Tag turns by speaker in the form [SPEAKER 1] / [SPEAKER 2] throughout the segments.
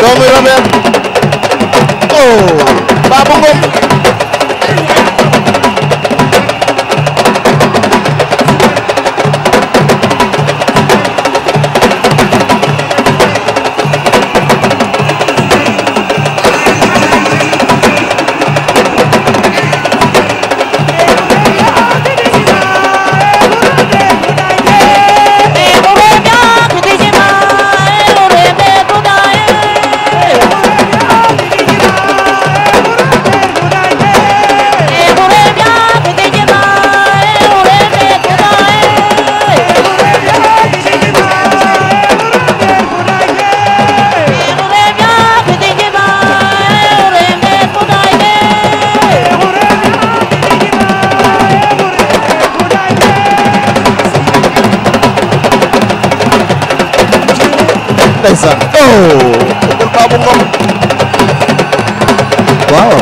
[SPEAKER 1] doomu
[SPEAKER 2] Robert oh Babou Ngom ndeysaan Koumboul oh. Babou Ngom waaw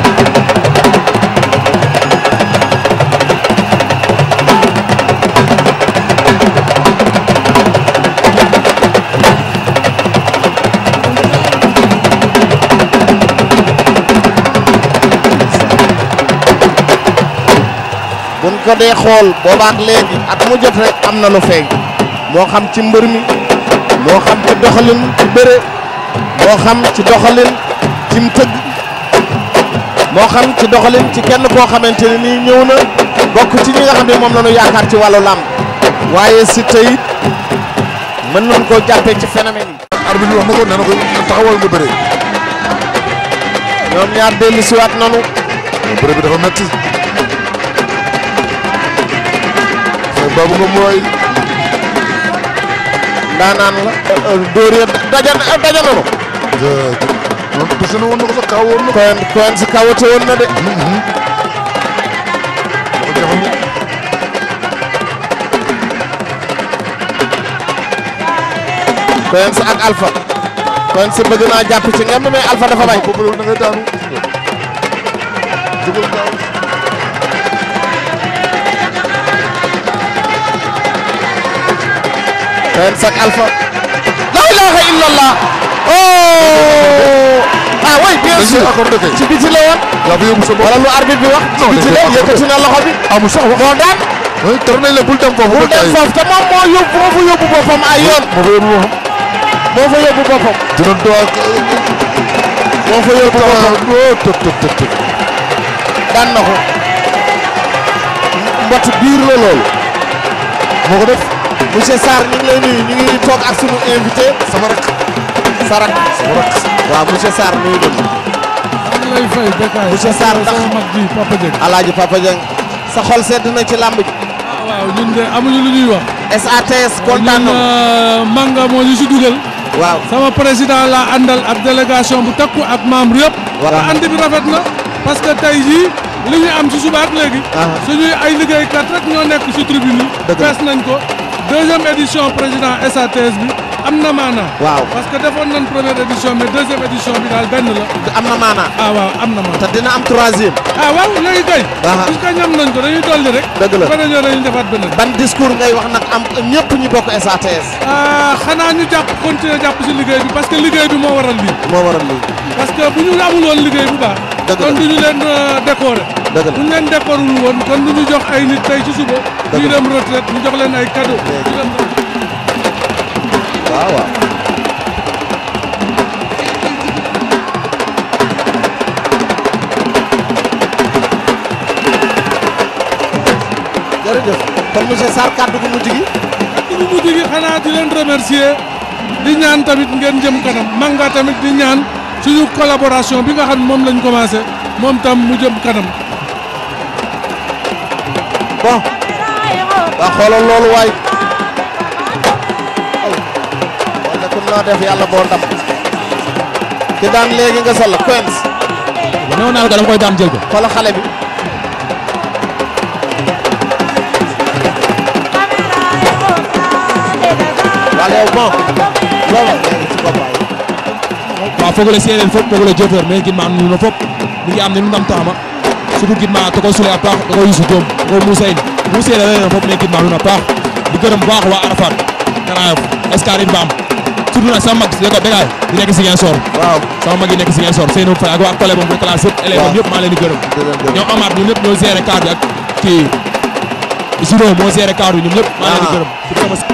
[SPEAKER 1] buñ ko dee xool boobaak léegi at mu jot rek am na lu feeñ moo xam ci mbër mi moo xam ci doxalin ci xam ci doxalin ci mu tëgg moo xam ci doxalin ci kenn koo xamante ne nii ñëw na bokk ci ñi nga xam ne moom la ñu yaakaar ci wàllu làmb waaye si tey mën nañ koo jàppee ci phénomène yi. arbitre bi wax na ko nee ko taxawal nga bëre. ñoom ñaar dellu si waat noonu. bëre bi dafa métti. xëy boobu nga mooy. daanaan la dóor ya daja daja na ko.
[SPEAKER 2] dëgg
[SPEAKER 1] la woon na ko sax kaw woon na ko. Coen Coen si kawate woon na de. Coen ak Alpha. Coen bëgg naa jàpp ci ngem mais Alpha dafa bañ. waaw boobu da ngay daanu. Poète Sack Alpha. la ilaha illallah. oh.
[SPEAKER 2] ah oui bien ci biti la woon.
[SPEAKER 3] waaw bu yóbbu
[SPEAKER 1] sa wala lu arbitre bi wax. ci biti la yëkkati
[SPEAKER 2] na loxo bi.
[SPEAKER 3] amul sax wax moo daan. oui tër bul dem foofu.
[SPEAKER 1] bul dem fa yóbbu boppam moo yóbbu moo fa yóbbu boppam. dina moo fa yóbbu boppam tëb tëb tëb tëb. daan na ko. biir la loolu. monsieur Sarr ñu ngi lay nuyu ñu ngi toog ak sunu invité sama rak sa rak sama rak waaw monsieur Sarr nuyu nañu. am lay fay béykat
[SPEAKER 4] sa xol sedd na ci làmb ji. Ah, waaw ñun de amuñu lu ñuy wax. SATS kontaan na euh, manga moo ñu si dugal. waaw sama président laa àndal ak délégation bu takku ak membre yëpp. voilà ànd bi rafet na parce que tey jii li ñu am ci suba ak léegi. Ah. suñuy ay liggéeykat rek ñoo nekk si tribune yi. fees nañ ko. deuxième édition président SATS bi am na maanaa. waaw parce que defoon nañ première édition mais deuxième édition bi daal benn la. am na maanaa. ah waaw am na maanaa. te dina am troisième. ah léegi kay. puisque ñam nañ ko dañuy dolli rek. dëgg la ba dañuy defaat benn. ban discours ngay wax nag am ñëpp ñu bokk SATS. ah xanaa ñu jàpp continuer jàpp si liggéey bi parce que liggéey bi moo waral lii. moo waral lii. parce que bu ñu amul liggéey bu baax. dëgg du ñu leen euh, dëgg la bu ñu leen defarul woon kon du ñu jox ay nit tey ci suba. dëgg ñu dem retraite ñu jox leen ay cadeau. waaw waaw. jërëjëf kon monsieur Sarr kàddu gu mujj gi. kàddu gu mujj gi xanaa di leen remercier di ñaan tamit ngeen jëm kanam Manga tamit di ñaan suñu collaboration bi nga xam ne moom lañ commencé moom tam mu jëm kanam. bon waa xoolal loolu waay
[SPEAKER 1] wala kun noo def yàlla boo ndam ki daan léegi nga sal Quench newoon naa la ko dama koy daan jël ko xoolal xale bi wala yow bon waaw foog la séeréer fop foog la jotor mais gin ma am nu no fop mi ngi am ne nu ndam taxama sugu gidma to ko sule a paax to ko yusu doom to ko musayn musel a leene fop ne gidma nuun a paax di gërëm baax waa Arafat Kanaayof Escari Mbam suduna sama mag de ko nekk Ziguinchor sama mag yi nekk Ziguinchor Seynou Faye ak waa collègue bu classe yëpp élève yëpp maa leen di gërëm ñoom amaat ñun ñëpp ñoo géré cadre ak kii Juro moo géré cadre ñoom ñëpp maa leen di ah. gërëm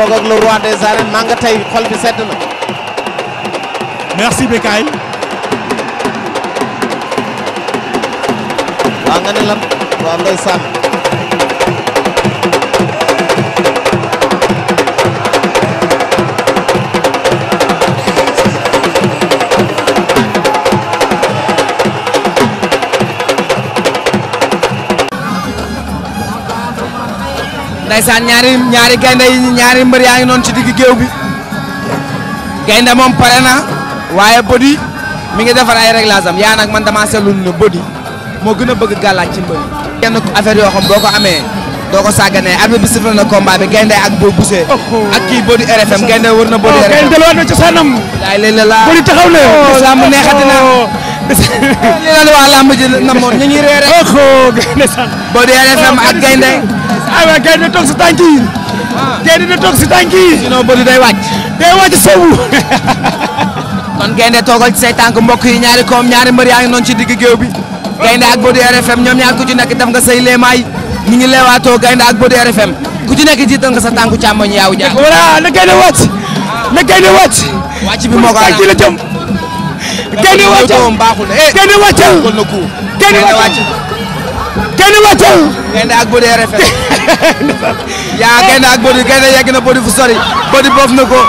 [SPEAKER 1] toog ak le des arènes maa nga tey xol bi sedd na. merci Bécaye. waa nga ne lan waaw ndeysaan. ndaysaan ñaari ñaari gaynde yi ñaari mbër yaa ngi noonu ci digg géew bi gaynde moom pare na waaye body mi ngi defar ay réglage am yaa nag man damaa seetlu ne body moo gën a bëgg gàllaaj ci mbër yi. yenn affaire yoo xam boo ko amee doo ko sàgganee arbitre bi sifflé na combat bi ak boo busee. ak kii body RFM gaynde wër na body RFM. Oh, gaynde war na ci la laa taxaw na. Oh, làmb neexati na. Oh.
[SPEAKER 4] lii la la waa làmb ji namoon ñu ngi réeré. ak gaynde aywa gaynde toog
[SPEAKER 1] si tànk yi. gaynde toog si tànk yi. sinon bëri day wàcc. day wàcc soobu. kon gaynde toogal ci say tànk mbokk yi ñaari koom ñaari mbër yaa ci digg géew bi. gaynde ak Bodi RFM ñoom ñaar ku ci nekk def nga say leemaay ñu ngi leewaatoo gaynde ak Bodi RFM ku ci nekk jiital nga sa tànku càmmoñ yaaw ñaar. voilà na gaynde wàcc. na gaynde wàcc.
[SPEAKER 2] wàcc bi moo ko ànd la gaynde
[SPEAKER 4] wàcc gaynde kenn wàccal. gaynde ak bodi RFM. yaa gaynde ak bodi na bodi fu sori bodi boof na ko.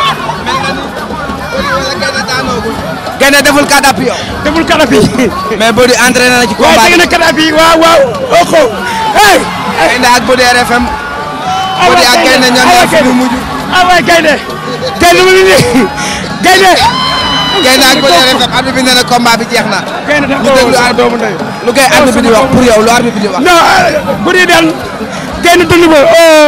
[SPEAKER 4] gaynde deful kadap yow. deful kadap yi. mais bodi entraîné na ci combat. waaw waaw waaw oh, waxoo. Oh. hey. gaynde ak bodi ah, ah, mujj.
[SPEAKER 2] ah waay ak bodi RFM
[SPEAKER 4] at bi ne na combat bi jeex na. gaynde def ko woon ñu lu koy arbitre bi di wax pour yow lu arbitre bi di wax. non Bodi daan gaynde dund ba oh.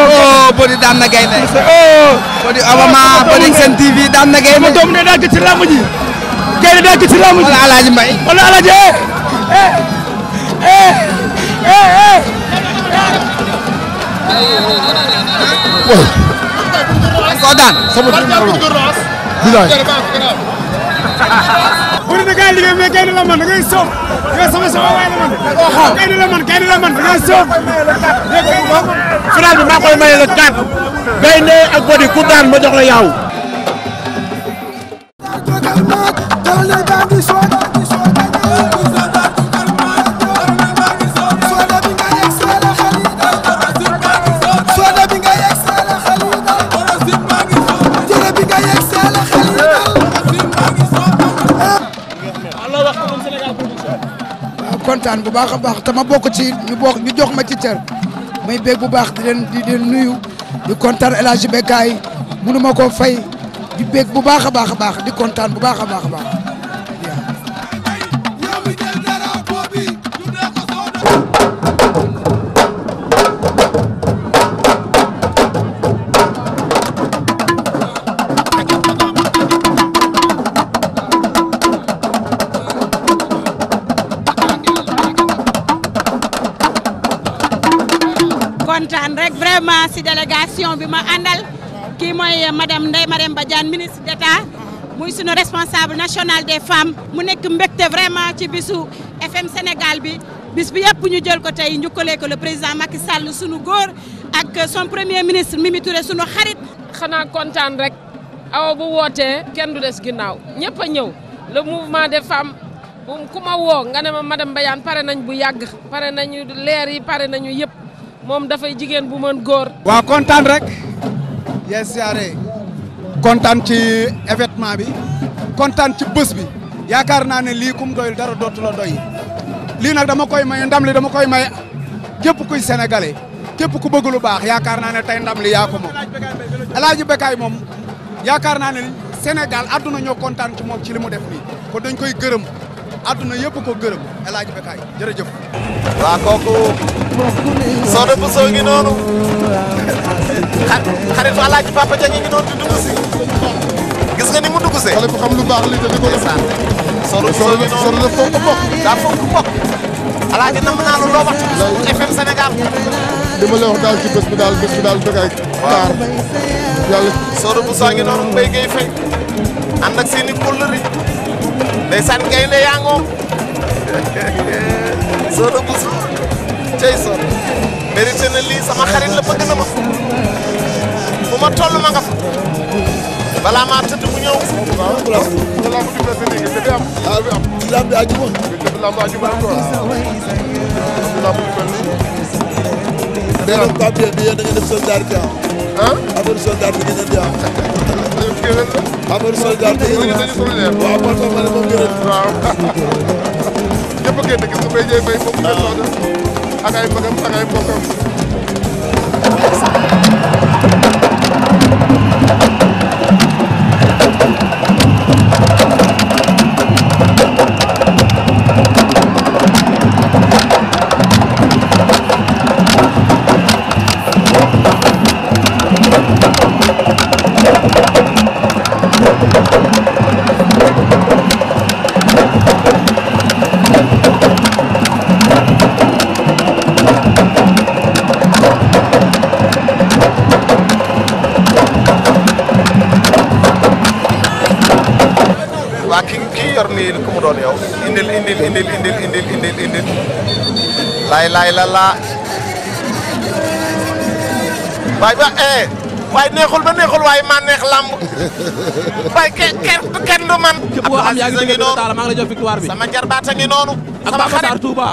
[SPEAKER 4] oh Bodi daan na gaynde. Oh. Bodi Obama Bodi Sen TV daan na gaynde. ma doom ne daa ci làmb ji. gaynde daa ci làmb ji. wala Alaaji Mbaye. wala Alaaji eh,
[SPEAKER 2] eh, eh, koo daan. sama tur bi
[SPEAKER 4] bu ne da ngay liggéey mais kenn la man da ngay soof yow sama sama waay
[SPEAKER 1] la man. kenn la man kenn la man da ngay soof. final bi maa koy maye la quatre. gaynde ak bodi ku daan ma jox la yaaw. kontaan bu baax a baax tama ma bokk ci ñu ñu jox ma ci cër may bég bu baax di leen di leen nuyu di kontaan El Hadj Bécaye mënu ma koo fay di bég bu baax a baax a baax di kontaan bu baax a baax a baax. naa si délégation bi ma àndal kii mooy madame Ndeye Marème Badiane ministre d'État muy sunu responsable national des femmes mu nekk mbégte vraiment ci bisu FM Sénégal bi bis bi yëpp ñu jël ko tey njukkalee ko le président Macky Sall sunu góor ak son premier ministre Mimi Touré sunu xarit. xanaa kontaan rek awa bu wootee kenn du des ginnaaw ñëpp ñëw le mouvement des femmes bu ku ma woo nga ne ma madame Bayane pare nañ bu yàgg pare nañu leer yi pare nañu yëpp. moom dafay jigéen bu mën góor. waaw kontaan rek. yes kontaan ci événement bi kontaan ci bés bi yaakaar naa ne lii kum doyul dara dootu la doy lii nag dama koy may ndam li dama koy may képp kuy sénégalais képp ku bëggul lu baax yaakaar naa ne tey ndam li yaa ko moom. Alaaji Bekaay moom yaakaar naa ne Sénégal àdduna ñoo kontaan ci moom ci li mu def nii ko dañ koy gërëm. àdduna yëpp ko gërëm El Hadj Becaye jërëjëf. waa kooku Soda Bousso ngi noonu xaritu El Hadj Papa di dugg si gis nga ni mu dugg see. xale lu baax li te di ko fonk bokk. daa fonk bokk. El Hadj naa lu loo wax FM Sénégal. dama daal ci bés bi daal bés daal Becaye. waaw yàlla. Soda Bousso ngi noonu Mbaye Gueye Faye ànd ak ndeysaan gaynde yaa ngoog Soda Bousso cey Soda mérité na lii sama xarit la bëgg na ma fu ma toll ma nga fa balaa maa tëdd mu ñëw. waaw waaw. ah bi am. lamb bi àjjuma. lamb àjjuma la quoi. lamb bi mel nii. mais nag Pape Dieng da ngeen def solidarité ah. ah affaire soldat bi gën a di am. affaire soldat bi gën a di am waaw man man man a. waaw ñëpp a génn gis indil lay indil la laa waay ba eh waay neexul ba neexul waay maa neex lamb waay kenn kenn du man képp koo xam yaa ngi noonu taala maa ngi la jox victoire bi sama jarbaata ngi noonu ak Ba Matar Touba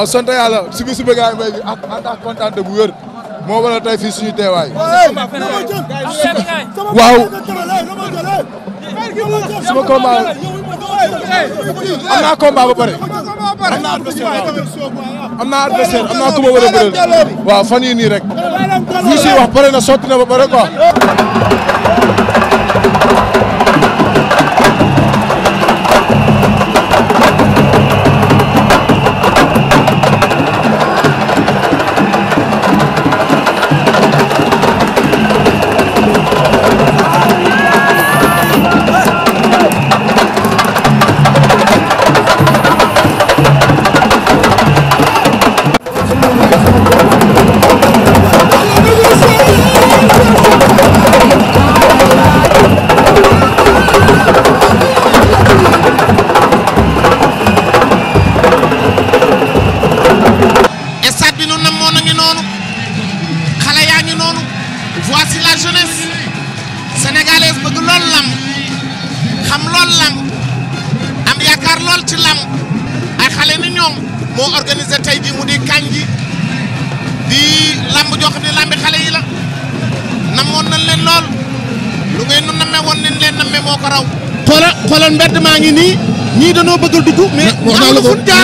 [SPEAKER 3] waaw
[SPEAKER 4] sant yàlla si
[SPEAKER 3] bisu bëggaay mbay mi ak ànd bu wér moo waral tey fii suñu teewaay.
[SPEAKER 2] waaw. suma combat am naa ba pare. am naa adversaire
[SPEAKER 4] am naa adversaire
[SPEAKER 3] am fan yii nii rek. ñu siy na sotti na ba pare quoi.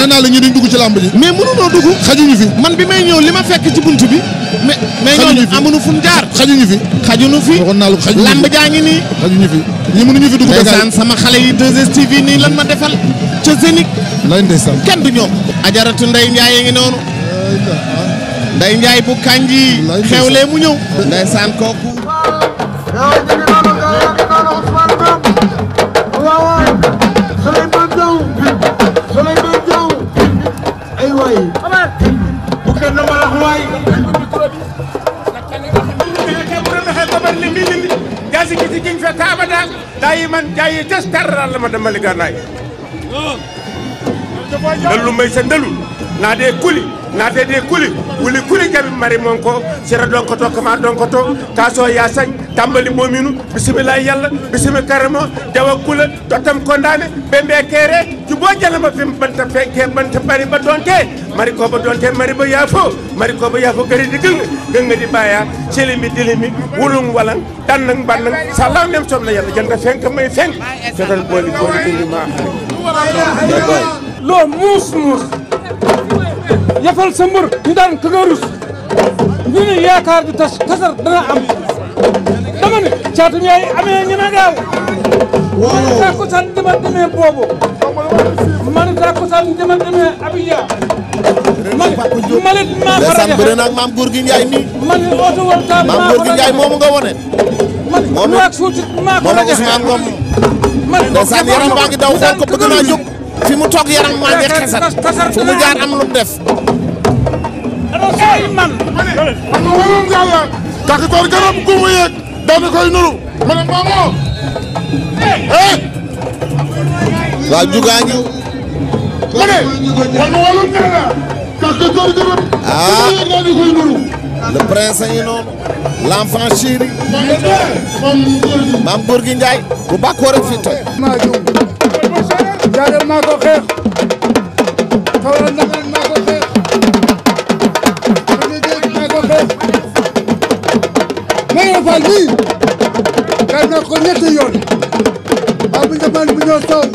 [SPEAKER 1] naa la ñi duñ dugg ci làmb ji mais mënunoo dugg xajuñu fi man bi may ñëw li ma fekk ci bunt bi mais mais ñooñu amuñu fu mu jaar xajuñu fi xajuñu fi waxoon naa la xajuñu fi làmb jaa ngi nii xajuñu fi ñi mënuñu fi dugg ndeysaan sama xale yi 2STV nii lan ma defal ca Zénith lay ndeysaan kenn du ñoom ajaratu Ndey Njaay ngi noonu Ndey ah. Njaay bu kanji xewlee mu ñëw ndeysaan kooku jaayee tes tarral la ma damali gànnaay ndallu may sa ndalu naatee kuli naatee de kuli wuli kuli jabi mari mon ko sira donkoto kama donkoto kaso ya sañ
[SPEAKER 3] tambali mominu bisimilla yalla bisimi karama jawa kula dottam kondane ɓe keere jubo jalama fim banta fenke banta bari ba donte mari koba donte mari ba
[SPEAKER 1] yaafo mari koba yaafo garidi gëng gëng di baya selimi dilimi wulung walang tannang bannang salam nem somna yalla janda fenk may fenk fetal boli boli dingi ma
[SPEAKER 4] loo muus muus yafal sa mbër ñu daan ka nga rus ñu ne yaakaar du tas tasar dana am dama ne caatu ñaay amee ñu ne gaaw manu takusaan dama demee boobu manu takusaan dama demee abiya man malit maa ko rajo bëre naa ak maam Gorgui Ndiaye nii. man oto woon taal maa ko rajo maam Gorgui Ndiaye moomu nga wone.
[SPEAKER 1] man lu ak suuti maa ko rajo yaram baa ngi daw xool ko bëgg naa jóg. mu toog yaram maa ngi xesat fu mu jaar am lu def.
[SPEAKER 3] ay man. man ma wóorum yàlla. takk koy nuru. ma eh!
[SPEAKER 1] waa Juga ngi. ma ne man ah le prince a ngi noonu l'enfant chéri maam góor gi Njaay bu bàkkoo rek fi toj maa jum
[SPEAKER 2] jaajëf maa xeex xawal ndaxaan maa ko xeex xane géej maa ko xeex
[SPEAKER 3] Mayoro ko ñetti yoon waa bu njëkk bu ñoo toog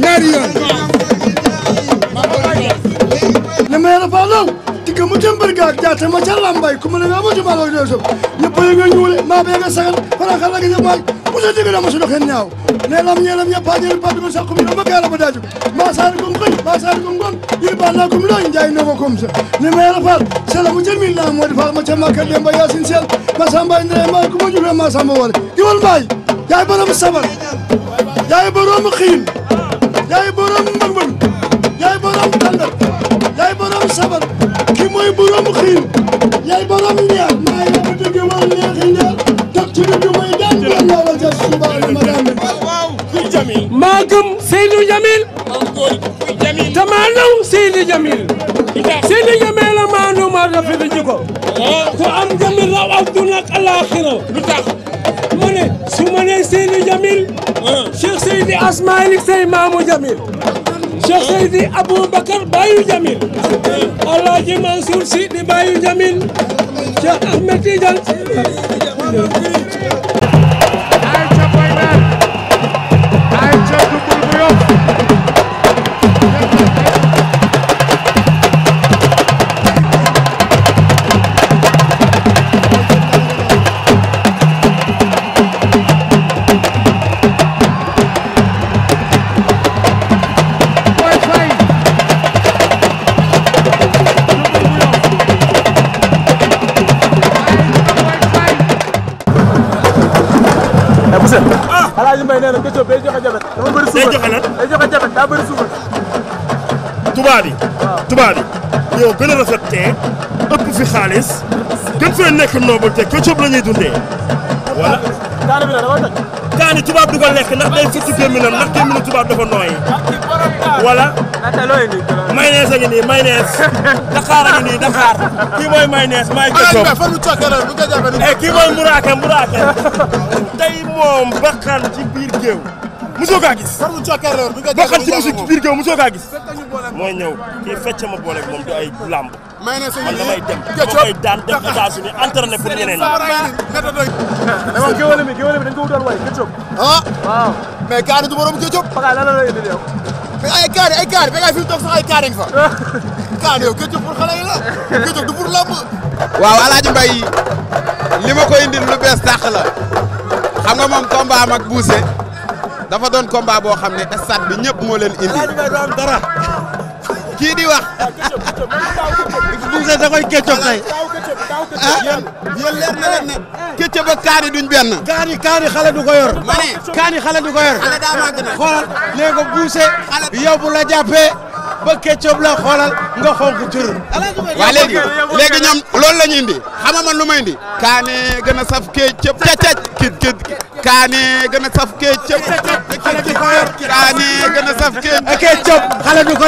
[SPEAKER 2] ñaari yoon ate mo callan bay kumana nga moju balo
[SPEAKER 3] do ni boy nga ñuule ma be nga sagal fara xala nga jëm ak bu sa digal mo su do xen ñaaw ne lam ñelam ya pañel pat mo sa ko mi ma kala ba daju ma sar ko ngoy ma sar ko ngon ni
[SPEAKER 2] me la fal mu jël mi la mo di fal ma ca ma ka dem sel ma samba ndre ma ko mo jure ma samba wala diwal bay yaay borom sabar
[SPEAKER 3] yaay borom xiin yaay borom mbëng mbëng yaay borom tàndal
[SPEAKER 2] yaay borom sabar mooy borom xiin yaay borom leer maa ngi ko dëgg wala leexi leer tax ci dëgg mooy daan daan la la ca suba ma
[SPEAKER 4] daan maa gëm Seydou Jamil dama naw Seydou Jamil Seydou Jamil la maa ma rafet a jiko ku am Jamil raw adduna ak alaaxira lu tax mu su ma nee Seydou Jamil Cheikh Seydi Asmaalik say maamu Jamil Cheikh Seydi Aboubacar Bayu Jamil Alaaji Mansour Sy di Bayu Jamil Cheikh Ahmed
[SPEAKER 2] Tidiane
[SPEAKER 4] tubaab yi
[SPEAKER 3] tubaab yi ñoo gën a rafet te ëpp fi xaalis gën fee nekk noble te këccëb a ñuy dundee voilà kaani bi la dafa toj kaani tubaab du ko lekk ndax
[SPEAKER 1] day futti tubaab dafa nooyi voilà mayonnaise a ngi nii mayonnaise Dakar a ngi nii Dakar kii mooy mayonnaise maay këccëb eh, kii mooy mburaake mburaake tey moom bakkan ci géew
[SPEAKER 3] mosoo kaa gis. bokkal ci musique ci biir géew mosoo kaa gis.
[SPEAKER 1] mooy ñëw kii fecc ma boole moom du ay làmb. may ma koy daan dem États-Unis entraîné pour ñeneen ñi.
[SPEAKER 3] dama géwél mi géwél mi dañ ko wutal way Ketchup. ah
[SPEAKER 1] waaw. la lay indil yow. mais ay Kaane ay li ma ko indil lu bees dàq la xam nga moom combat am ak dafa doon combat boo xam ne stade bi ñëpp moo leen indi. kii di wax.
[SPEAKER 2] da koy keccoo tey. Ah, yéen leer na leen ne.
[SPEAKER 1] keccoo ba kaani duñ benn. kaani kaani xale du ko yor. ma ne kaani xale du ko yor. xale daa buuse. yow bu la ba Ketchup la xoolal nga xonk cur. waa léegi léegi ñoom loolu la ñu indi xam nga man lu may indi. kaane gën a saf Ketchup. càcc kit kit kaane gën a saf Ketchup.
[SPEAKER 4] xale bi ko yor a saf Ketchup. Ketchup xale bi ko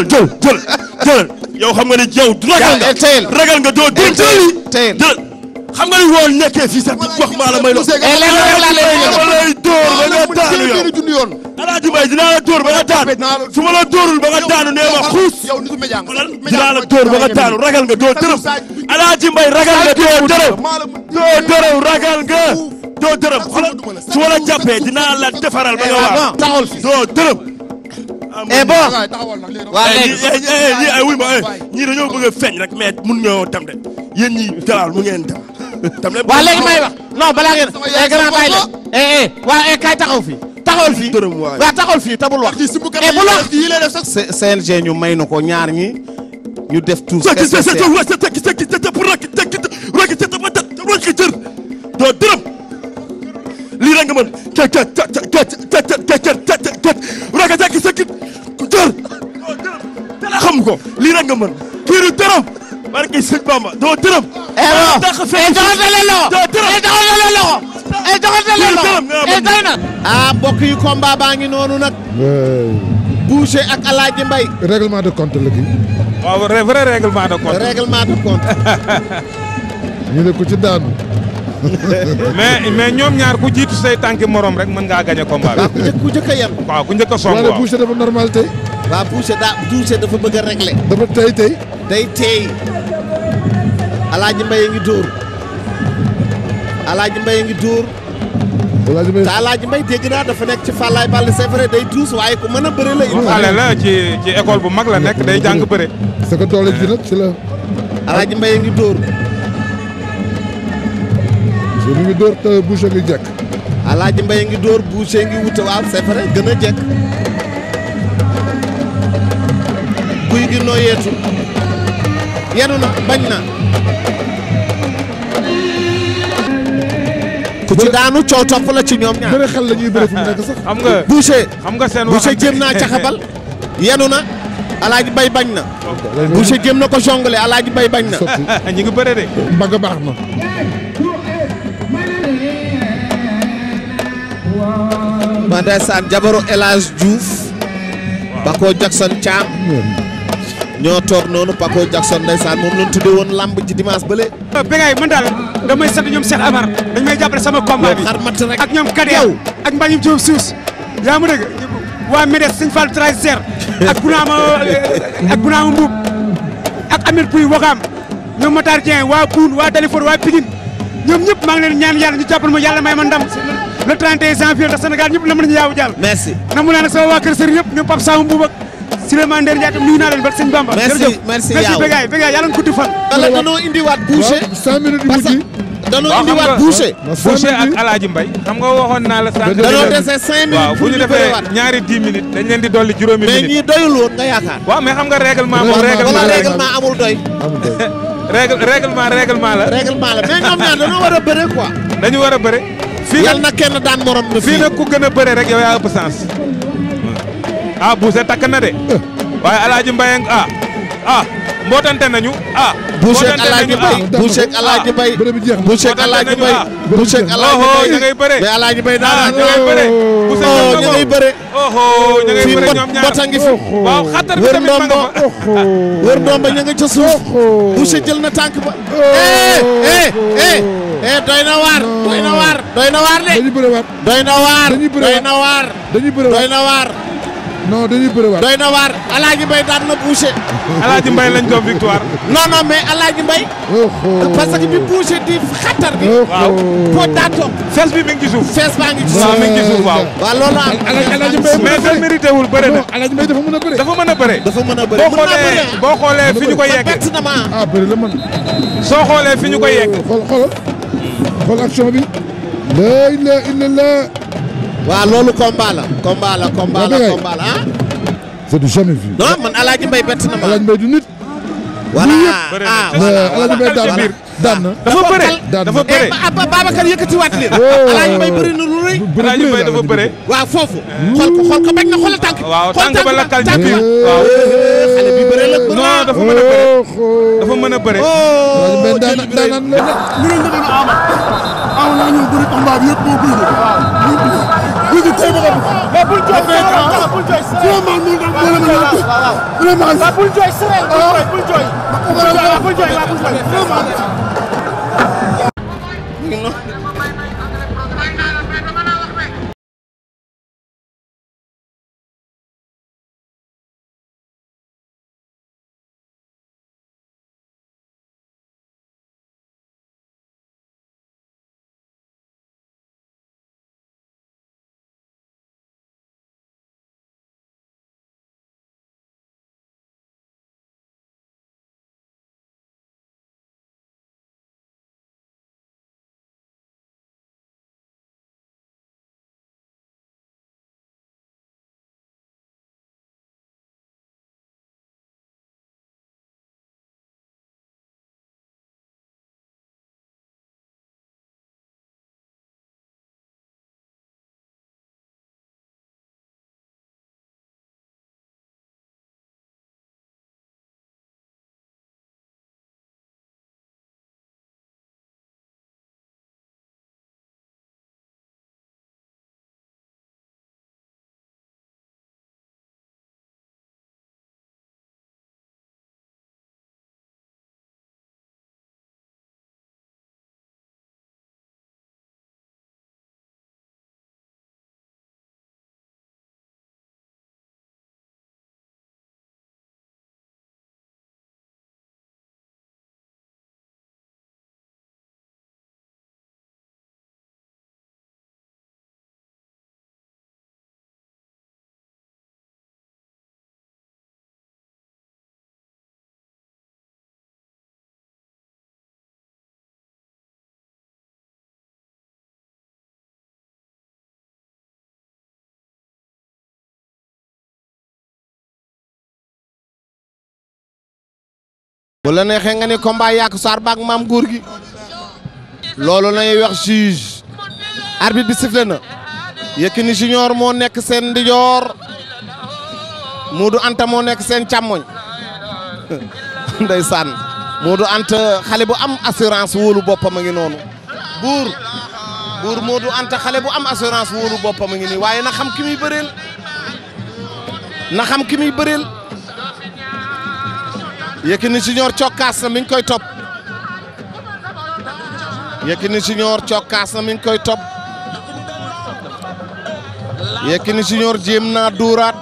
[SPEAKER 1] jël jël jël jël yow xam nga ni yow ragal nga ragal nga doo jël jël xam nga ni woo nekkee fii sax wax maa la may lo lay dóor ba nga daanu yow alaaji may dinaa la dóor ba nga daanu su ma la dóorul ba nga daanu nee ma
[SPEAKER 3] xuus dinaa la dóor ba nga daanu ragal nga doo dërëm alaaji may ragal nga doo dërëm doo dërëm ragal nga doo dërëm xoolal su ma la jàppee dinaa la defaral ba nga wax doo dërëm et bon. waa léegi ñii ay wuy ma ñii dañoo bëgg a feeñ rek mais mun ñoo tam de yéen ñii garaawul mu ngeen tam. tam de waa léegi may wax non balaa ngeen ay grand bàyyi la eh eh waa kay taxaw fi
[SPEAKER 1] taxawal fii waaw taxawal fii tabul wax et bul wax. CNG ñu may na ko ñaar ñi ñu def tous. SDC
[SPEAKER 3] doo dërëm. lii rek nga mën te te te te te te te te rek a tekki sa kit jël dara xam ko lii rek nga mën kii du tëram barke sëñ Bamba doo tëram.
[SPEAKER 1] ah mbokk yi combat baa ngi noonu nag. Boucher ak Alaaji Mbay. règlement de compte la kii. waaw vrai règlement de compte. règlement de compte. ñu ne ko ci daanu. mais mais ñoom ñaar ku jiitu say tànki morom rek mën ngaa gañe combat bi. waaw ku njëkk ku njëkk a yem. waaw ku njëkk a song waaw waaw poussé dafa normal tey. waaw poussé daa poussé dafa bëgg a réglé. dafa tey tey. day tey Alaaji Mbaye ngi dóor Alaaji Mbaye ngi dóor. Alaaji Mbaye te Alaaji Mbaye dégg naa dafa nekk ci Fallaye Balla c'est vrai day tuus waaye ku mën a bëre la. waaw xale la
[SPEAKER 4] ci ci école bu mag la nekk day
[SPEAKER 1] jàng bëre. parce que doole ji nag ci la. Alaaji Mbaye ngi dóor. ñu ngi dóor te boucher ngi jekk. alaaji mbay ngi dóor buuse ngi wute waaw c'est gën a jekk. guy gi noo yenu na bañ na. ku ci daanu coow topp la ci ñoom ñaar. xel la ñuy bëri fu mu nekk sax.
[SPEAKER 3] xam nga boucher. xam nga seen naa caxabal.
[SPEAKER 1] yenu na. alaaji bay bañ na. boucher jéem na ko jongle alaaji bay bañ na. ñu ngi bëre de. mbagg baax na. ma ndeysaan jabaru El Hadj Diouf Paco Jackson Thiam ñoo toog noonu Paco Jackson ndeysaan moom lañ tuddee woon lamb ji dimanche bële. Bégaay man daal damay sant ñoom Cheikh Amar dañ may jàppale sama combat bi ak ñoom Kader ak Mbañum Diop Suus
[SPEAKER 4] yaa ma dégg waa MEDES Sëñ Fall Trésor ak Bunaama ak Bunaama Mbuub ak Amir Pouy Wakaam ñoom Matar Dieng waa Boune waa Dalifor waa Pikine
[SPEAKER 1] ñoom ñëpp maa leen ñaan yàlla ñu jàppal ma yàlla may ma ndam. le 31 janvier ndax Sénégal ñëpp namm nañu yaawu jàll. merci namm nag sama waa kër sëriñ ñëpp ñoom Pape Samb Mbuub ak Souleymane Nder Ndiaye tam nuyu Bamba. merci merci yaaw merci bégaay bégaay yàlla na guddi danoo indiwaat boucher. 100 minutes yu
[SPEAKER 4] xam nga waxoon naa la. sànq danoo dese 5 minutes dañ di dolli juróomi minutes. mais ñii doyul woon nga yaakaar. waaw mais xam nga règlement moom règlement règlement amul doy règlement règlement la. la mais
[SPEAKER 1] ñoom ñaar dañoo war fii yal na kenn daan morom na fii nag ku gën a bëre rek
[SPEAKER 4] yow yaa ëpp sens.
[SPEAKER 2] Hmm.
[SPEAKER 4] ah Bousse na de. Eh. waaye El Hadj Mbaye ah. ah mbootante nañu ah. ah mbootante nañu ah bu Cheikh Alaaji Bay bu
[SPEAKER 1] Cheikh Alaaji Bay bu Cheikh Alaaji Bay ñu ngay bëre. mais Alaaji Bay ah, daal ñu ngay bëre. bu Cheikh ñoom ñoo ñu ngay bëre. ñu ngay bëre ngi fi. waaw xatar wër ndomba ñu nga ca jël na tànk ba. eh eh, eh, eh na waar doy na waar. doy waar de. waar. non dañuy bëriwaat doy na waar Alaaji Mbay daan na Boucher. Alaaji Mbay lañ doon victoire. non non mais Alaaji Mbay. parce que bi Boucher di xatar bi. waaw po daa toog. fees bi mi ngi ci suuf. fees baa ngi ci suuf waaw mi ngi ci suuf waaw. waaw loolu am Alaaji Mbay mais sax
[SPEAKER 4] mérité wul na. Alaaji Mbay dafa mën a bëri. dafa mën a bëri. a bëri mën naa bëri ah boo xoolee boo xoolee fi ñu ko yegg. ah bëri la man. soo xoolee fi ñu ko oh, yegg. xool
[SPEAKER 1] xool action bi. la ilaha illallah waaw loolu combat la. combat la combat la combat la ah. c'est du jamais vu. man El Hadj Mbaye bett na ma. du nit.
[SPEAKER 3] voilà ah, ah voilà voilà dafa
[SPEAKER 1] bëre dafa bëre eh, ba Babacar yëkkatiwaat leen. El oh. Hadj Mbaye bëri dafa
[SPEAKER 3] mën a bëre. Oh,
[SPEAKER 2] ñu ngi téye ba ko. mais bul jooy bul jooy vraiment bul jooy sereel bul jooy bul jooy bul jooy bul jooy bu la neexee nga ne combat Yaku Sarr baak maam góor gi
[SPEAKER 1] loolu lañuy wax juge arbitre bi sifflé na Yékini Junior moo nekk seen ndijoor Modou Anta moo nekk seen càmmoñ ndeysaan Modou Anta xale bu am assurance wóolu boppam a ngi noonu buur buur Modou Anta xale bu am assurance wóolu boppam a ngi nii waaye na xam ki muy bëreel na xam Yékini Junior cokkaas na mi koy topp Yékini Junior cokkaas mi ngi koy topp Yékini Junior jéem naa duuraat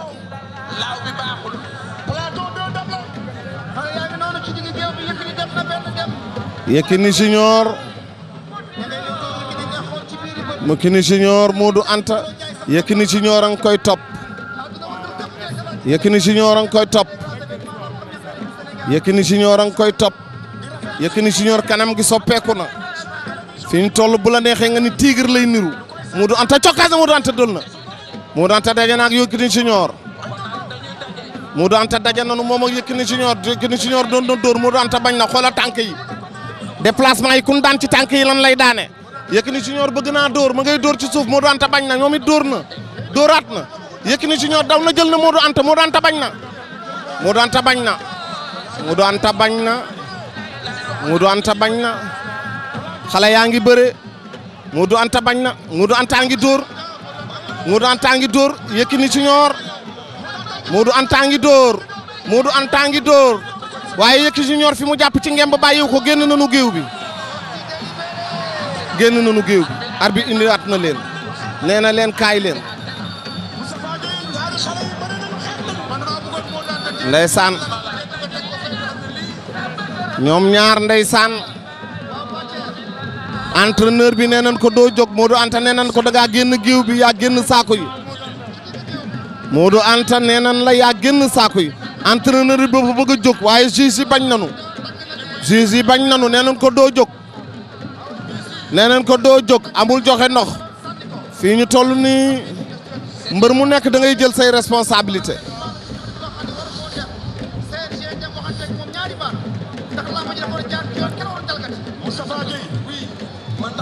[SPEAKER 1] Yékini Junior Yékini Junior Modou Anta Yékini Junior a ngi koy topp Yékini Junior a ngi koy top Yékini Junior a nga koy top Yékini Junior kanam gi soppeeku na fi ñu toll bu la neexee nga ni tigre lay niru Modou Anta cokkaas na Modou Anta dul na Modou Anta daje na ak Yékini Junior Modou Anta daje na nu moom ak Yékini Junior Yékini Junior doon na dóor Modou Anta bañ na xoola tànk yi déplacement yi kun daan ci tànk yi lan lay daane Yékini Junior bëgg naa dóor ma ngay dóor ci suuf Modou Anta bañ na ñoom it dóor na dóoraat na Yékini Junior daw na jël na Modou Anta Modou Anta bañ na Modou Anta bañ na Modou Anta bañ na Modou Anta bañ na xale yaa ngi bëre Modou Anta bañ na Modou Anta ngi dóor Modou Anta ngi dóor Yékini Junior Modou Anta ngi dóor Modou Anta ngi dóor waaye Yékini Junior fi mu jàpp ci ngemb bàyyiw ko génn nañu géew bi génn nañu géew bi ar bi indiwaat na leen nee na leen kaay leen ndeysaan ñoom ñaar ndeysaan entraîneur bi nee nañ ko doo jóg Modou Anta nañ ko da génn géew bi yaa génn saako yi Modou Anta nee nañ la yaa génn saako yi entraîneur bi boobu bëgg a jóg waaye juge yi bañ nanu juge yi bañ nanu nee nañ ko doo jóg nee nañ ko doo jóg amul joxe nox fii ñu toll nii mbër mu nekk da ngay jël say responsabilité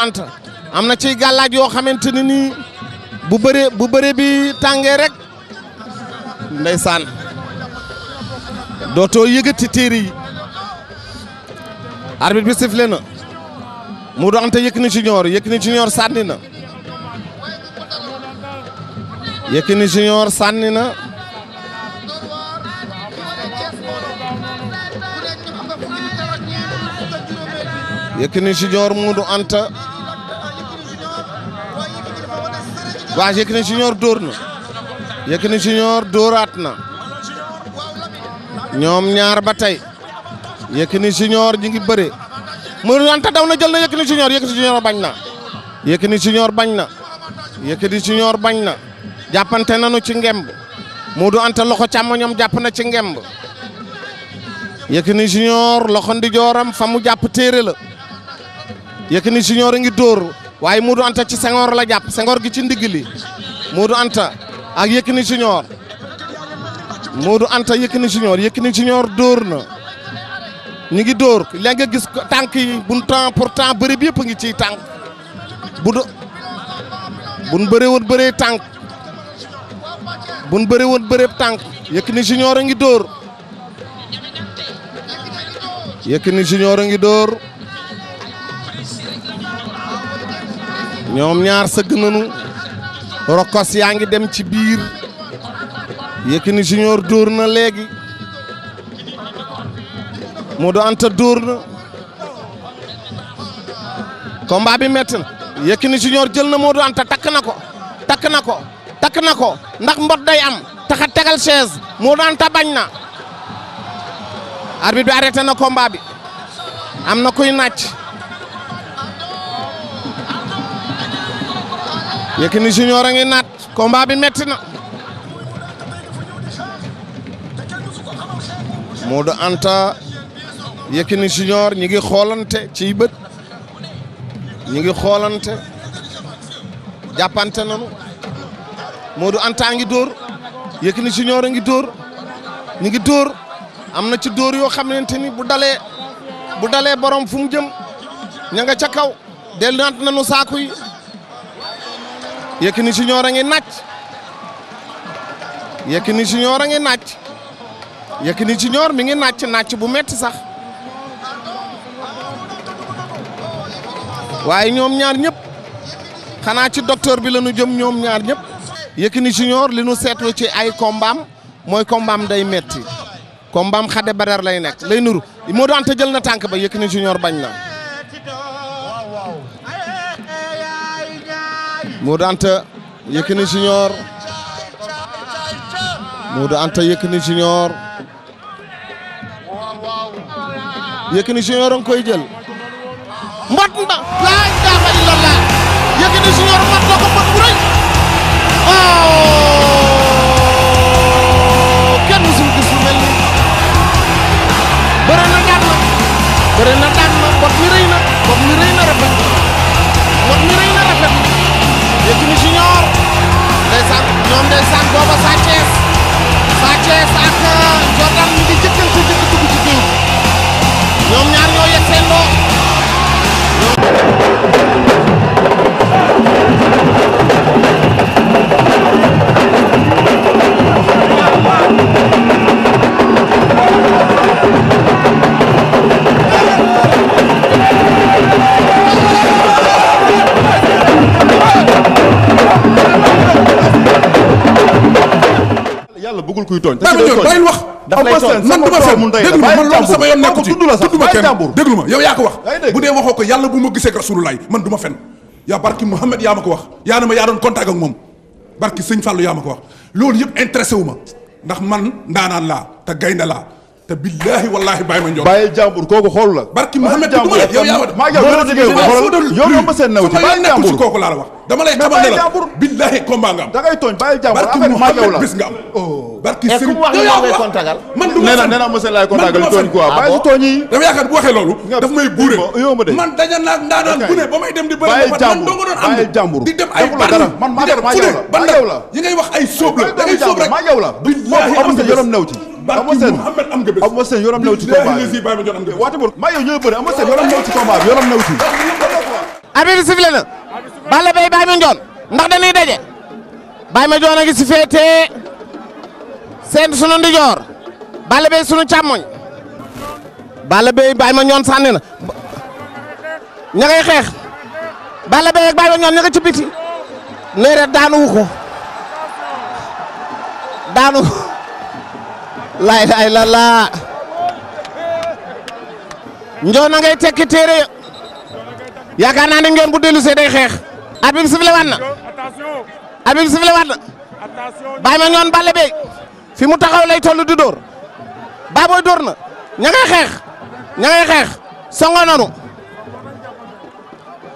[SPEAKER 1] Anta am na ci gàllaaj yoo xamante ne nii bu bëree bu bëree bi tàngee rek ndeysaan dootoo yëgati téere yi arbitre bi sifflé na Modou Anta Yékini Junior Yékini Junior sànni na Yékini Junior sànni na Yékini Junior Modou Anta waa Yékini Junior dóor na Yékini Junior dóoraat na ñoom ñaar ba tey Yékini Junior ñi ngi bëre Modou Anta daw na jël na Yékini Junior Yékini Junior bañ na Yékini Junior bañ na Yékini Junior bañ na jàppante nañu ci ngemb Modou Anta loxo càmmoñam jàpp na ci ngemb Yékini Junior loxo ndijooram fa mu jàpp téere la Yékini Junior a ngi dóor waaye Modou Anta ci Senghor la jàpp Senghor gi ci ndigg li Modou Anta ak Yékini Junior Modou Anta Yékini Junior Yékini Junior dóor na ñu ngi dóor léegi nga gis tànk yi buñ temps pourtant bëri bi yëpp ngi ciy tànk bu do buñ bëree woon bëree tànk woon bëree tànk Yékini Junior a ngi dóor Yékini Junior a ngi dóor ñoom ñaar sëgg nañu rokos yaa ngi dem ci biir Yékini Junior dóor na léegi Modou Anta dóor na combat bi metti na Yékini jël na Modou Anta takk na ko takk na ko takk na ko ndax mbot day am taxa tegal chaise Modou Anta bañ na arbitre bi arrêté na combat bi am na kuy nàcc Yékini Junior a ngi naat combat bi metti na Modou Anta Yékini Junior ñi ngi xoolante ci bët ñi ngi xoolante jàppante nanu Modou Anta ngi dóor Yékini Junior a ngi dóor ñi ngi dóor am na ci door yoo xamante ni bu dalee bu dalee borom fu mu jëm ña nga ca kaw delluwaat nanu saaku yi Yékini Junior a ngi naaj Yékini Junior a ngi naaj Yékini Junior mi ngi naaj naaj bu metti sax waaye ñoom ñaar ñëpp xanaa ci docteur bi la ñu jëm ñoom ñaar ñëpp Yékini Junior li nu seetlu ci ay kombaam mooy kombaam day metti kombaam xade badar lay nekk lay nuru moo daan te jël na tànk ba Yékini Junior bañ na Modou Anta Yékini Junior Modou Anta Yékini Junior Yékini Junior a ngi mbot na laa ilaaha illallah Yékini Junior mbot na ko mbot bu rëy oh! kenn musul gis mel nii bëre na daan na bëre na daan na mbot mi na mbot mi na rafet mbot mi Yékini Junior ndeysaan ñoom ndeysaan booba Sa Thiès Sa Thiès
[SPEAKER 3] kuy tooñ. te ki doon wax. daf lay tooñ man du ma fen déglu ma man loolu sama ndax man ndaanaan laa te gaynde laa te billaahi wallaahi bàyyi ma njool bàyyi jàmbur kooku xool la barki Mouhamed du ma la yow yow yow seen naw ci bàyyi jàmbur bis nga am oh. barki sëriñ eh, ku wax ngay kontagal man du ma nee naa ma seen laay kontagal tooñ quoi ah, bàyyi tooñ yi dama yaakaar bu waxee loolu daf may guure man daja naag maa yow la fu ne ban la yi ngay wax ay sóob la da ngay sóob rek maa yow la
[SPEAKER 1] na Balla Gaye Baye Mandione ndax dañuy daje Baye Mandione a ngi sifflé seen sunu ndijoor Balla Beye sunu càmmoñ Balla Beye bàyyi ma ñoon sànni na ña xeex Balla Beye ak bàyyi ma ñoon ña nga ci biti neere daanuwu ko daanu laay laay la laa njoo na ngay tekki téere yaakaar naa ne ngeen bu dellu see day xeex abib sifle waat na abib sifle waat na bàyyi ma ñoon Balla Beye fi mu taxaw lay toll di dóor Baboy dóor na ña xeex ña xeex songo nanu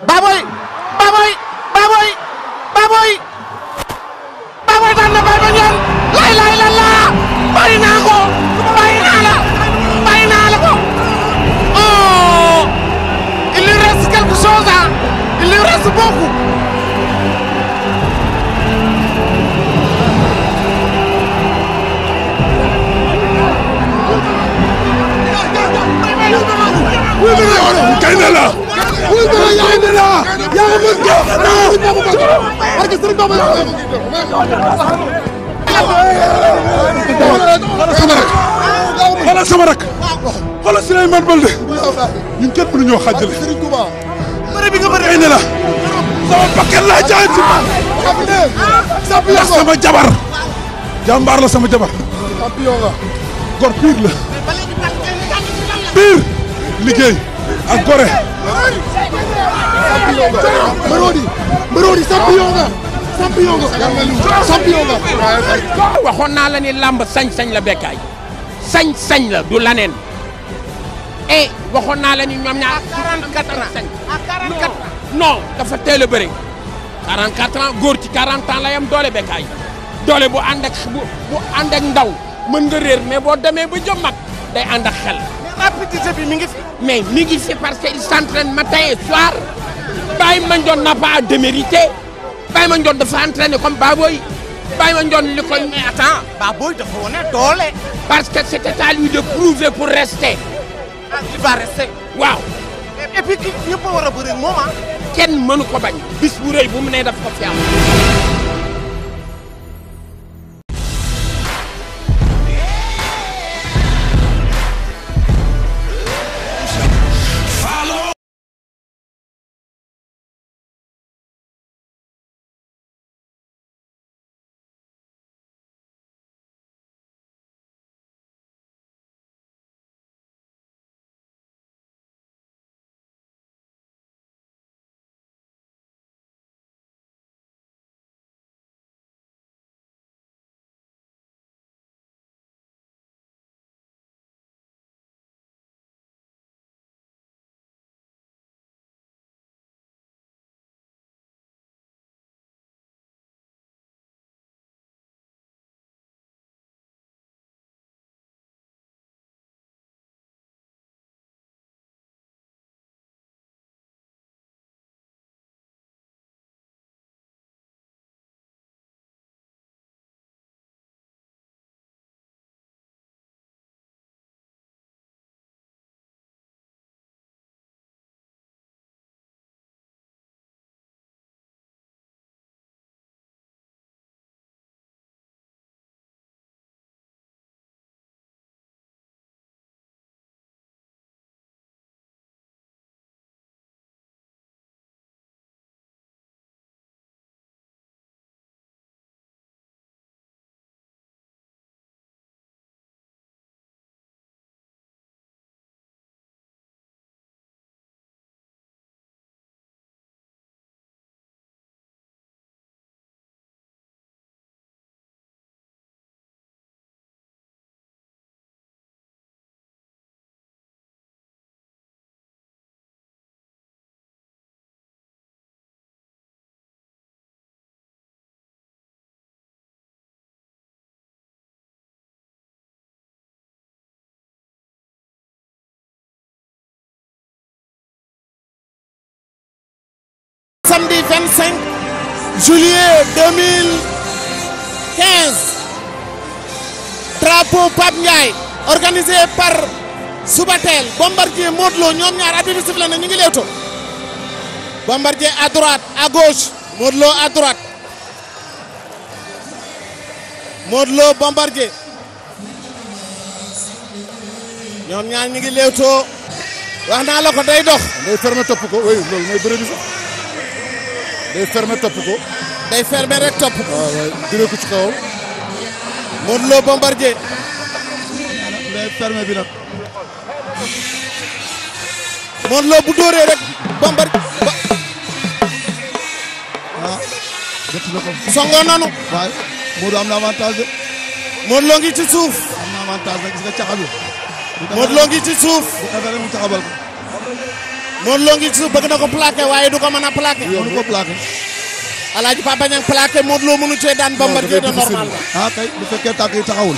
[SPEAKER 2] Baboy Baboy Baboy Baboy Baboy daan na Baye lay lay la laa bàyyi naa ko bàyyi naa la bàyyi naa la ko oh il lui reste quelque chose gaynde la gaynde la yaa mën gaynde la sama rak
[SPEAKER 3] xoolal Souleymane Balde ñun kenn mënuñoo xàjjale bëre bi nga bëre gaynde la sama bakkan laa jaay ci ma
[SPEAKER 2] sama jabar
[SPEAKER 3] jàmbaar la sama jabar gor piir la piir liggéey ak gore. Marodi Marodi champion nga champion nga champion
[SPEAKER 1] naa la ni làmb sañ-sañ la bekkaay sañ-sañ la du laneen et eh, waxoon naa la ni ñoom ñaar. à 44 ans à 44 dafa teel a bëri. 44 ans góor ci 40 ans la yam doole bekkaay doole bu ànd ak bu bu ànd ak ndaw mën nga réer mais boo demee ba jëm mag day ànd ak xel. appétit bi mi ngi fi. mais mi ngi fi parce qu'il s'entraîne matin et soir Baye Mandione n'a pas à démériter Baye Mandione dafa entraîné comme Baboy Baye Mandione li koy mais attends Baboy dafa wane doole. parce que c'était à lui de prouver pour rester. ah ki ñëpp a war a bëri moom ah. kenn mënu ko bañ. bis bu rëy bu mu ne ko fi am.
[SPEAKER 2] samedi 25 juillet 2015
[SPEAKER 1] drapeau Pape Ndiaye organisé par Soubatel Bombardier Modou ñoom ñaar arbitre sifflé na ñu ngi leewto Bombardier à droite à gauche Modou Lo à Bombardier ñoom ñaar ñu ngi leewto wax naa dox. day fermé topp ko oui loolu mooy bëre bi day fermer topp ko. day fermer rek topp ko. waaw waay diré ko ci kawam. Modou Lo Bombardier. bi nag. Modou Lo bu dóoree rek Bombardier.
[SPEAKER 3] ah jot na ko.
[SPEAKER 1] songoon nanu. waay Modou am na avantage de. Modou Lo ngi ci suuf. am na ngi ci suuf. moo Lo ngi ci suuf bëgg na ko plaqué waaye du ko mën a plaqué. mënu ko plaqué. Alaaji Papa Niang plaqué Modou Lo daan Bombardier de normal la. ah kay bu fekkee tànk yi taxawul.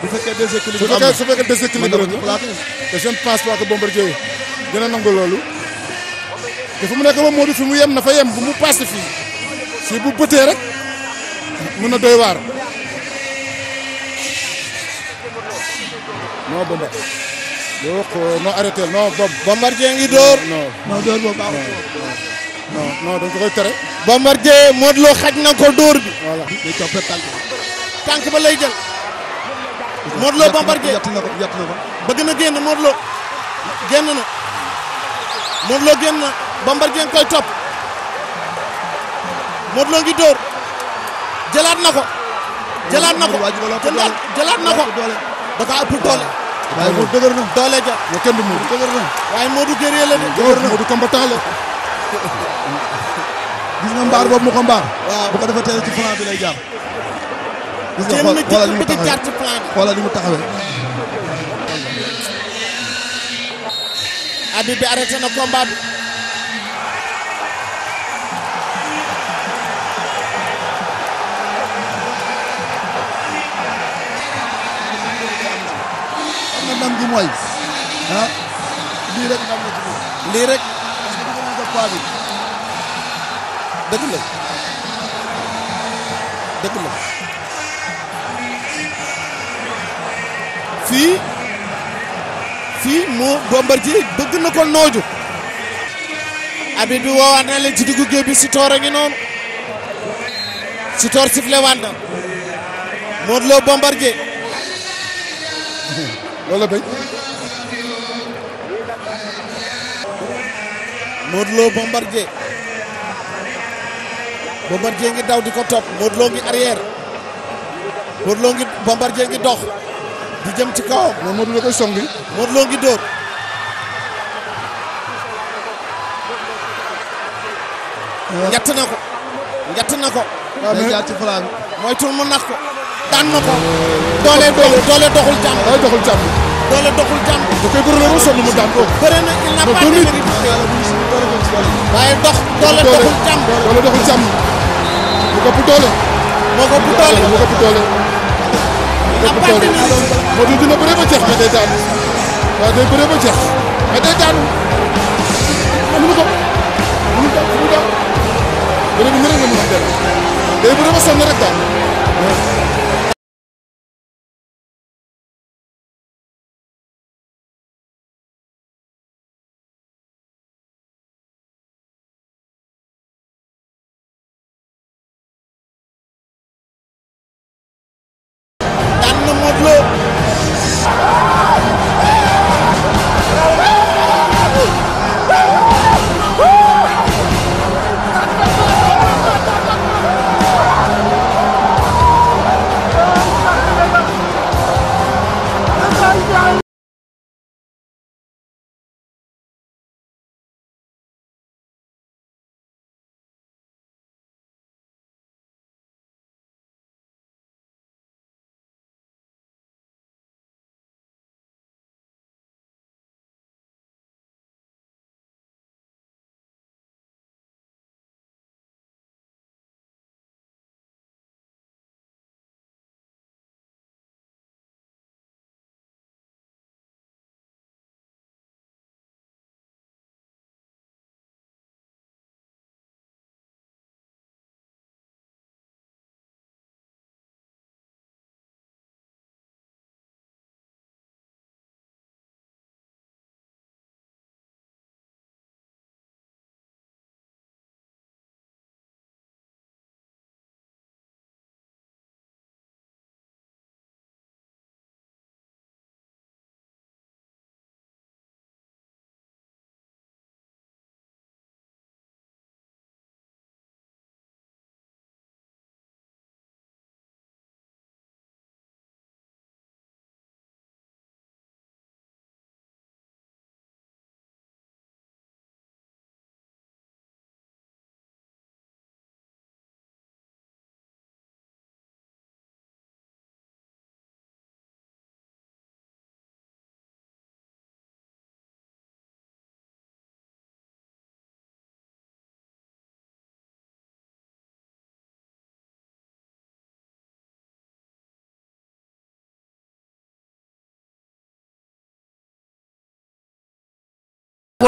[SPEAKER 1] bu fekkee déséquilibre am na su fekkee déséquilibre la te je ne pense pas que Bombardier dina nangu loolu. te ba Modou fi mu yem na fa yem bu mu passé fii. si bu bëtee rek mën na yoo ko non arrêté non boobu. Bombardier ngi door. non door boobu baaxul non non xaj na ko door bi. voilà ba. lay jël. Modou Lo Bombardier yatt na ko yatt bëgg na génn Modou Lo génn na Modou Lo génn na Bombardier ngi koy topp Modou Lo ngi door jëlaat na ko. jëlaat na ko jëlaat na ko. da kaa ëpp doole. waaye mu dëgër na doole ja yow kenn du mu dëgër na waaye moo guerrier la de dëgër na Modou combattant la gis nga mbaar boobu mu ko mbaar waaw bu ko defee teel ci plan bi lay jaar
[SPEAKER 2] gis nga xoolal ni mu taxawee
[SPEAKER 1] xoolal mu taxawee Habib bi arrêté na combat ndam gi ah, lii rek ndam fii moo mu Bombardier bëgg na ko nooju. abit bi woowaat na leen ci diggu géej bi Sitor a ngi noonu Sitor sifle waat na Modou Lo Bombardier. loolu la béy. Modou Lo Bombardier. ngi daw di ko topp Modou Lo ngi arrière. Modou Lo ngi Bombardier ngi dox. di jëm ci kawam. moom Modou Lo koy songi. Modou ngi dóor. ñett na ko. ñett na ko. waaw ah, jaar ci flanc. mooy tur mu nax ko. daan na ko. Ah, doole doole doole doxul jàmm. doole doxul jàmm. doole doxul jàmm. da koy bëri loolu sonn mu daan ko. bëri na il n'a pas de mérite. waaye dox doole mu ko bu doole. moo ko bu doole mu
[SPEAKER 3] day daanu. waaw day bëree ba jeex mais day ko mënu ko mënu bi
[SPEAKER 2] nga a dellu. day rek daal.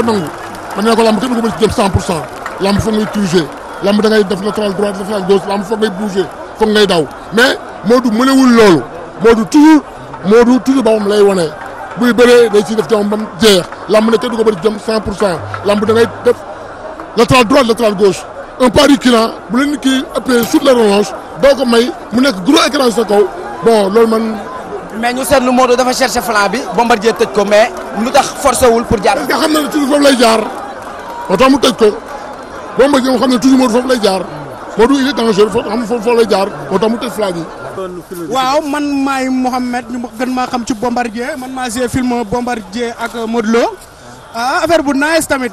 [SPEAKER 2] ko nangu man nee ko lamb kenn du ko mën ci jël cent pour cent lamb foog ngay touché lamb da gauche lamb foog ngay bougé foog ngay daw mais
[SPEAKER 1] Modou mënewul loolu Modou toujours ba moom lay wane buy bëree day ciy def
[SPEAKER 3] jom bam jeex lamb ne kenn du ko mën ci jëm cent pour cent lamb da gauche un pari client bu leen kii appuyé sur la relance doo ko may mu nekk gros écran
[SPEAKER 1] sa kaw loolu man mais ñu seetlu Modou dafa cherché flanc bi Bombardier tëj ko mais lu tax forcé wul pour jaar. nga xam ne toujours foofu lay jaar moo tax mu tëj ko Bombardier xam ne toujours Modou foofu lay jaar Modou il est dangereux foofu xam ne foofu lay jaar moo tax mu tëj flanc bi. waaw man maay Mouhamed ñu gën maa xam ci Bombardier man maa see film Bombardier ak Modou Lo ah affaire bu nice tamit.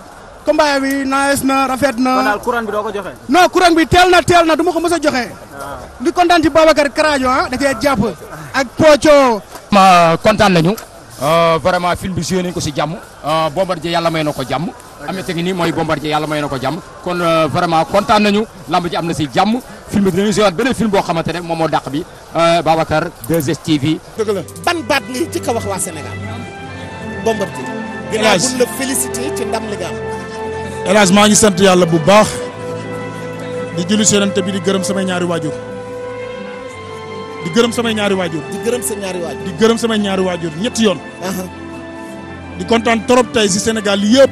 [SPEAKER 1] combat bi nice na rafet na. kon daal courant bi doo ko joxe. non courant bi teel na teel na du ma ko mës a joxe. Ah. di kontaan ci Babacar Karajo ah da cee jàpp. ak Pocho. ma kontaan nañu. Euh, vraiment film bi joué nañu ko si jàmm. Euh, Bombardier yàlla may na ko jàmm. Ameth nii mooy Bombardier yàlla may na ko jàmm. kon euh, vraiment kontaan nañu lamb ji am na si jàmm film bi dinañu joué beneen film boo xamante ne moom moo dàq bi Babacar 2STV. dëgg la ban baat ngay jëkk a wax waa Sénégal Bombardier. village gannaaw bu hélas maa ngi sant yàlla bu baax di julli seenante bi di gërëm sama ñaari waajur di gërëm samay ñaari waajur di gërëm sama ñaari waajur di waajur ñetti yoon uh-huh. di kontaan trop tey si Sénégal yëpp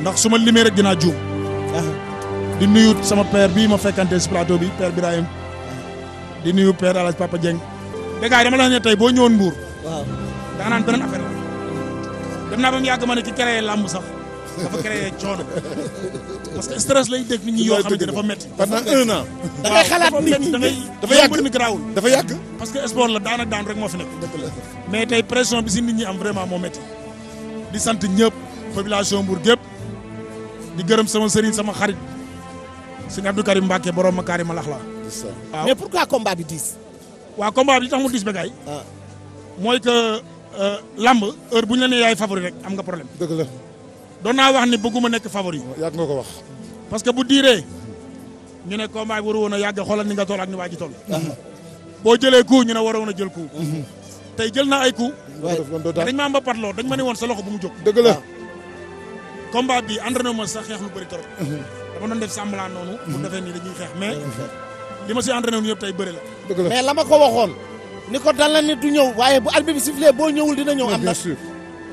[SPEAKER 1] ndax su ma limee rek dinaa juum uh-huh. di nuyu sama père bii ma fekkante si plateau bi père Birahim di nuyu père El Hadj Papa Dieng déggaay dama la ne tey boo ñëwoon Mbour waaw daa naan beneen affaire la dem naa ba mu yàgg ma ne ki créé làmb sax dafa créé coono parce que stress lay dégg yoo xamante dafa métti. pendant un an. da dafa yàgg dafa dafa yàgg. parce que sport la daan ak daan rek moo fi bi si nit ñi am vraiment moo di sant ñëpp population Mbour gépp di gërëm sama sëriñ sama xarit sëñ Abdou borom ma Karim Malax la. waaw mais pourquoi combat bi diis. waaw combat bi diis ba ah. mooy que euh, lamb heure bu ñu la nee yaay favori rek am nga problème. doon naa wax ni bëgguma nekk favori. Oh, yàgg nga ko wax.
[SPEAKER 3] parce que bu diiree ñu ne combat bi waru woon a yàgg xoolal ni nga toll ak ni waa ji toll. Mhm. boo jëlee coup ñu ne waroon a jël coup. Mhm. tey jël naa ay ku coup. dañ ba
[SPEAKER 1] mbapat loo dañ ma ne woon sa loxo bu mu jóg. dëgg la combat bi entraîné ma sax xeex lu bëri trop. Mhm. dama doon def semblant noonu. bu defee nii dañuy xeex mais. li ma si entraîné wu ñu yëpp tey bëri la. mais la ko waxoon. ni ko dal na ni du ñëw waaye bu arbitre bi sifflé boo ñëwul dina ñëw. am na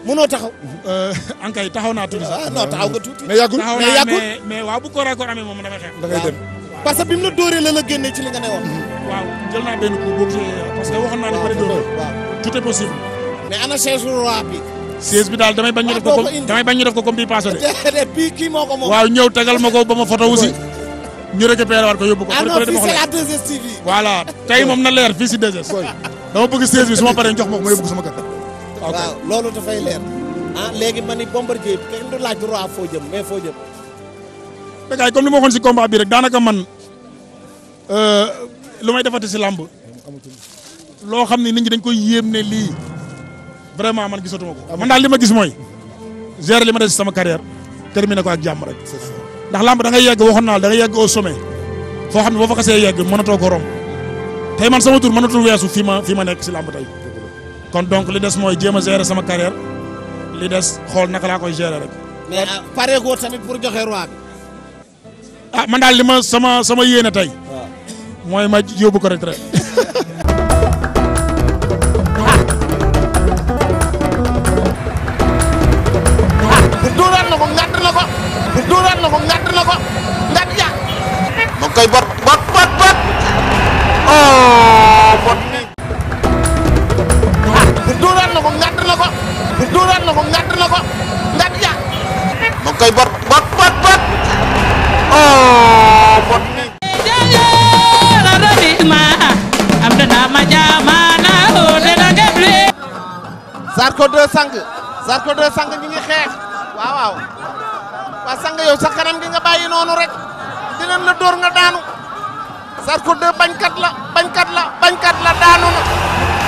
[SPEAKER 1] mënoo taxaw. Euh, ankay taxaw naa tuuti sax. Ah, non taxaw nga tuuti. mais yàggul mais waaw bu ko raccord amee moom damay xeex. parce que bi mu la dóoree la la génnee ci li nga ne woon. waaw jël naa benn coup boobu parce que waxoon naa ne bëri dóor damay bañ ñu def ko comme damay bañ de. waaw ñëw tagal ma ko ba ma photo aussi. ñu ko yóbbu ko. ah non fii c'est tey moom na leer fii si 2S. dama bëgg chaise bi su ma paree ma yóbbu ko sama waaw loolu dafay leer. ah léegi ma ni Bombardier kenn du laaj roi foo jëm mais foo jëm.
[SPEAKER 3] Bécaye comme li ma waxoon si combat bi rek daanaka man euh, lu
[SPEAKER 1] may defati si làmb loo xam ni nit ñi dañ koy yéem ne lii vraiment man gisatuma ko. man daal li ma gis mooy gérer li ma des si sama carrière terminé ko ak jàmm rek. ndax làmb da ngay yegg waxoon naa da ngay yegg au sommet foo xam ne boo fa xasee yegg mënatoo ko romb tey man sama tur mënatul weesu fi ma fi ma nekk si làmb tey. kon donc li des mooy jéem a gérer sama carrière li xool naka laa koy gérer rek. mais euh, pare ko tamit pour joxe roi bi.
[SPEAKER 3] ah man daal sama sama tey. mooy ma yóbbu ko rek rek.
[SPEAKER 1] duuraat na ko ngàtt na ko. duuraat na ko ngàtt na ko ngàtt ja. ma koy bot bot bot bot. Oh, na ko ngàdd na ko dóoraat na ko ngàdd na ko ngàdd ja ma koy bot bot bot bot oh bot ni la rabi ma am dana ma jaamaana o de na geble Zarko de sang Zarko de sang ñi ngi xeex waaw waaw waa sang yow sa kanam gi nga bàyyi noonu rek dinañ la dóor nga daanu Zarko de bañkat la bañkat la bañkat la daanu na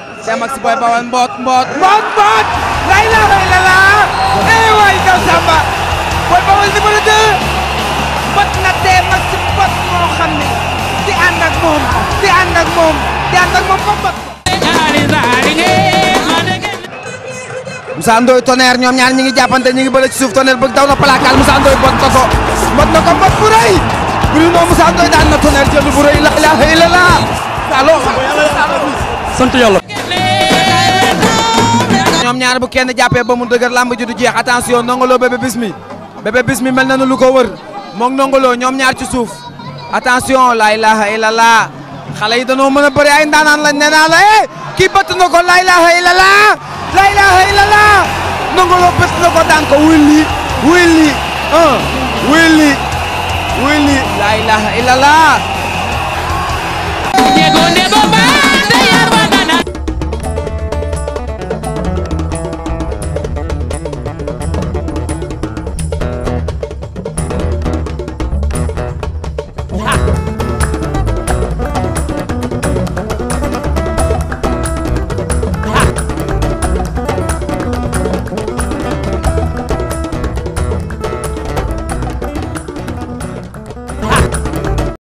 [SPEAKER 1] Jamax Boy Bawal mboot mboot
[SPEAKER 4] mboot mboot la ilaha illallah eh waay Gaw Samba Boy Bawal numéro 2 bot na tee Max bot moo xam ne di ànd ak moom di ànd ak moom di ànd ak moom bot
[SPEAKER 1] Moussa Ndoye Tonnerre ñoom ñaar ñi ngi jàppante ñi ngi bële ci suuf Tonnerre bëgg daw na placal Moussa Ndoye
[SPEAKER 4] bot na ko bot na ko bot bu rëy Bruno Moussa Ndoye daan na Tonnerre jël bu rëy la ilaha illallah
[SPEAKER 1] sant yàlla ñoom ñaar bu kenn jàppee ba mu dëgër làmb ji du jeex attention nongolo bébé bismi bébé bismi mel na nu lu ko wër moog nongolo ñoom ñaar ci suuf attention la ilaha illallah
[SPEAKER 4] xale yi danoo mën a ay ndaanaan lañ nee naa la eh kii bëtt na ko la ilaha illallah la ilaha illallah nongolo bëtt na ko daan ko wulli wulli un wulli wulli la ilaha illallah